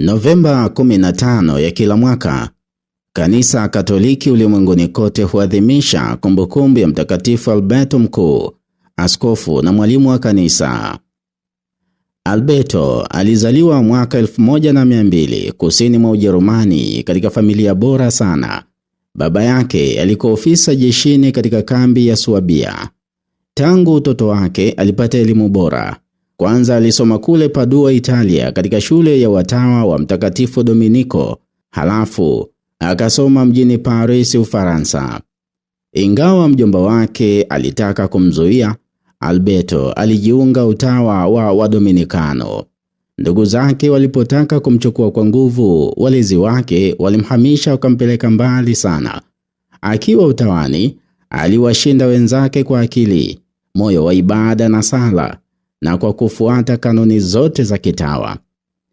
Novemba 15 ya kila mwaka, Kanisa Katoliki ulimwenguni kote huadhimisha kumbukumbu ya Mtakatifu Alberto Mkuu, askofu na mwalimu wa kanisa. Alberto alizaliwa mwaka 1200 kusini mwa Ujerumani katika familia bora sana. Baba yake alikuwa ofisa jeshini katika kambi ya Suabia. Tangu utoto wake alipata elimu bora. Kwanza alisoma kule Padua, Italia, katika shule ya watawa wa Mtakatifu Dominiko, halafu akasoma mjini Paris, Ufaransa. Ingawa mjomba wake alitaka kumzuia, Alberto alijiunga utawa wa Wadominikano. Ndugu zake walipotaka kumchukua kwa nguvu, walezi wake walimhamisha wakampeleka mbali sana. Akiwa utawani, aliwashinda wenzake kwa akili, moyo wa ibada na sala na kwa kufuata kanuni zote za kitawa.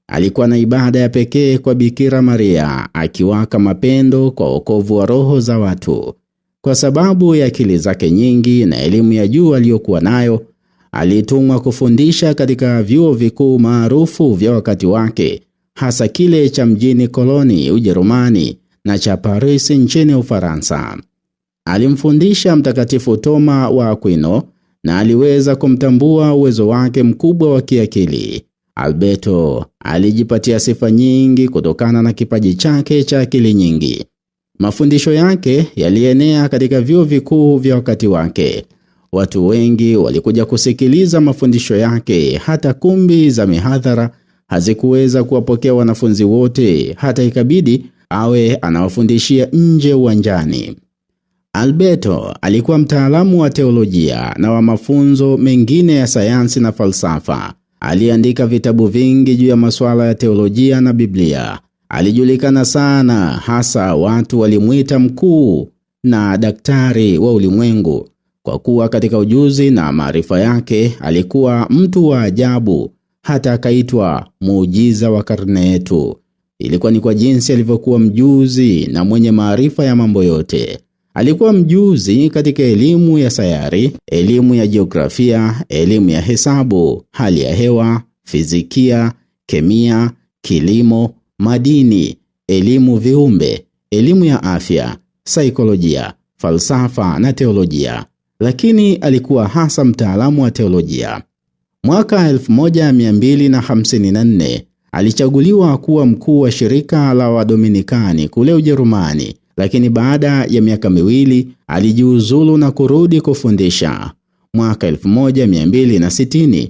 Alikuwa na ibada ya pekee kwa Bikira Maria, akiwaka mapendo kwa wokovu wa roho za watu. Kwa sababu ya akili zake nyingi na elimu ya juu aliyokuwa nayo, alitumwa kufundisha katika vyuo vikuu maarufu vya wakati wake, hasa kile cha mjini Koloni, Ujerumani na cha Paris nchini Ufaransa. Alimfundisha Mtakatifu Toma wa Akwino na aliweza kumtambua uwezo wake mkubwa wa kiakili. Alberto alijipatia sifa nyingi kutokana na kipaji chake cha akili nyingi. Mafundisho yake yalienea katika vyuo vikuu vya wakati wake. Watu wengi walikuja kusikiliza mafundisho yake, hata kumbi za mihadhara hazikuweza kuwapokea wanafunzi wote, hata ikabidi awe anawafundishia nje uwanjani. Alberto alikuwa mtaalamu wa teolojia na wa mafunzo mengine ya sayansi na falsafa. Aliandika vitabu vingi juu ya masuala ya teolojia na Biblia. Alijulikana sana hasa, watu walimwita mkuu na daktari wa ulimwengu kwa kuwa katika ujuzi na maarifa yake alikuwa mtu wa ajabu, hata akaitwa muujiza wa karne yetu. Ilikuwa ni kwa jinsi alivyokuwa mjuzi na mwenye maarifa ya mambo yote. Alikuwa mjuzi katika elimu ya sayari, elimu ya jiografia, elimu ya hesabu, hali ya hewa, fizikia, kemia, kilimo, madini, elimu viumbe, elimu ya afya, saikolojia, falsafa na teolojia, lakini alikuwa hasa mtaalamu wa teolojia. Mwaka 1254 alichaguliwa kuwa mkuu wa shirika la Wadominikani kule Ujerumani lakini baada ya miaka miwili alijiuzulu na kurudi kufundisha. Mwaka 1260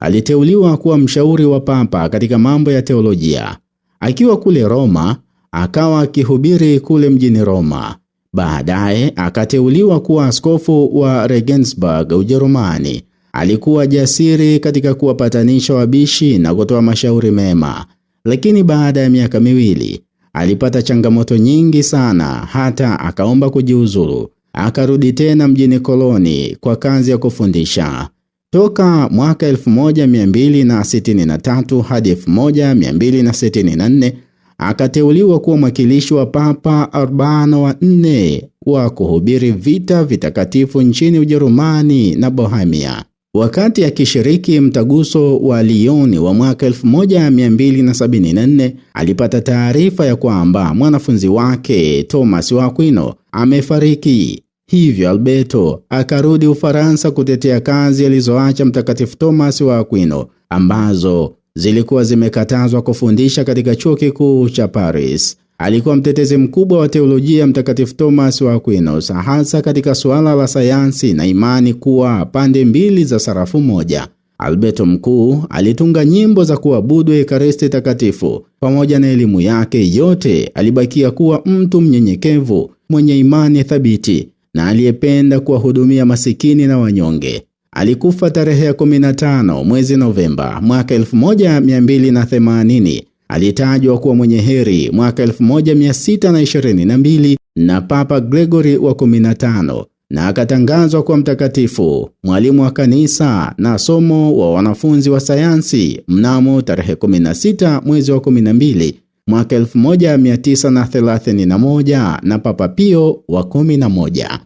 aliteuliwa kuwa mshauri wa papa katika mambo ya teolojia. Akiwa kule Roma, akawa akihubiri kule mjini Roma. Baadaye akateuliwa kuwa askofu wa Regensburg, Ujerumani. Alikuwa jasiri katika kuwapatanisha wabishi na kutoa mashauri mema, lakini baada ya miaka miwili alipata changamoto nyingi sana hata akaomba kujiuzuru. Akarudi tena mjini Koloni kwa kazi ya kufundisha. Toka mwaka 1263 hadi 1264 akateuliwa kuwa mwakilishi wa Papa Urbano wa nne wa kuhubiri vita vitakatifu nchini Ujerumani na Bohemia wakati akishiriki mtaguso wa Lioni wa mwaka 1274 alipata taarifa ya kwamba mwanafunzi wake Thomas wa Aquino amefariki. Hivyo Alberto akarudi Ufaransa kutetea kazi alizoacha Mtakatifu Thomas wa Aquino ambazo zilikuwa zimekatazwa kufundisha katika chuo kikuu cha Paris. Alikuwa mtetezi mkubwa wa teolojia Mtakatifu Thomas wa Aquinas, hasa katika suala la sayansi na imani kuwa pande mbili za sarafu moja. Alberto Mkuu alitunga nyimbo za kuabudu Ekaristi Takatifu. Pamoja na elimu yake yote, alibakia kuwa mtu mnyenyekevu, mwenye imani thabiti na aliyependa kuwahudumia masikini na wanyonge. Alikufa tarehe ya 15 mwezi Novemba mwaka 1280 alitajwa kuwa mwenye heri mwaka 1622 na Papa Gregory wa 15 na akatangazwa kuwa mtakatifu, mwalimu wa kanisa na somo wa wanafunzi wa sayansi mnamo tarehe 16 mwezi wa 12 mwaka 1931 na Papa Pio wa 11.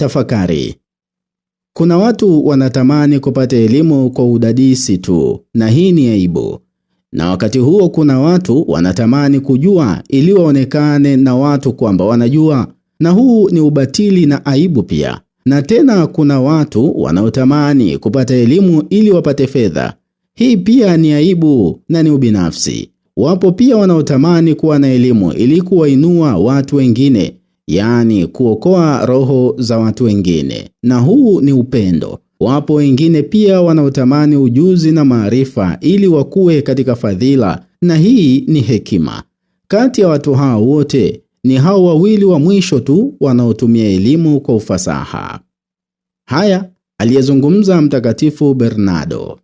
Tafakari. Kuna watu wanatamani kupata elimu kwa udadisi tu, na hii ni aibu. Na wakati huo kuna watu wanatamani kujua ili waonekane na watu kwamba wanajua, na huu ni ubatili na aibu pia. Na tena kuna watu wanaotamani kupata elimu ili wapate fedha. Hii pia ni aibu na ni ubinafsi. Wapo pia wanaotamani kuwa na elimu ili kuwainua watu wengine, yaani kuokoa roho za watu wengine, na huu ni upendo. Wapo wengine pia wanaotamani ujuzi na maarifa ili wakuwe katika fadhila, na hii ni hekima. Kati ya watu hao wote ni hao wawili wa mwisho tu wanaotumia elimu kwa ufasaha. Haya aliyezungumza Mtakatifu Bernardo.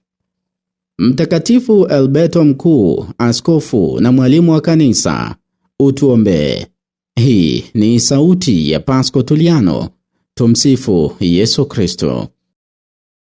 Mtakatifu Alberto Mkuu, askofu na mwalimu wa kanisa, utuombee. Hii ni sauti ya Pasco Tuliano. Tumsifu Yesu Kristo.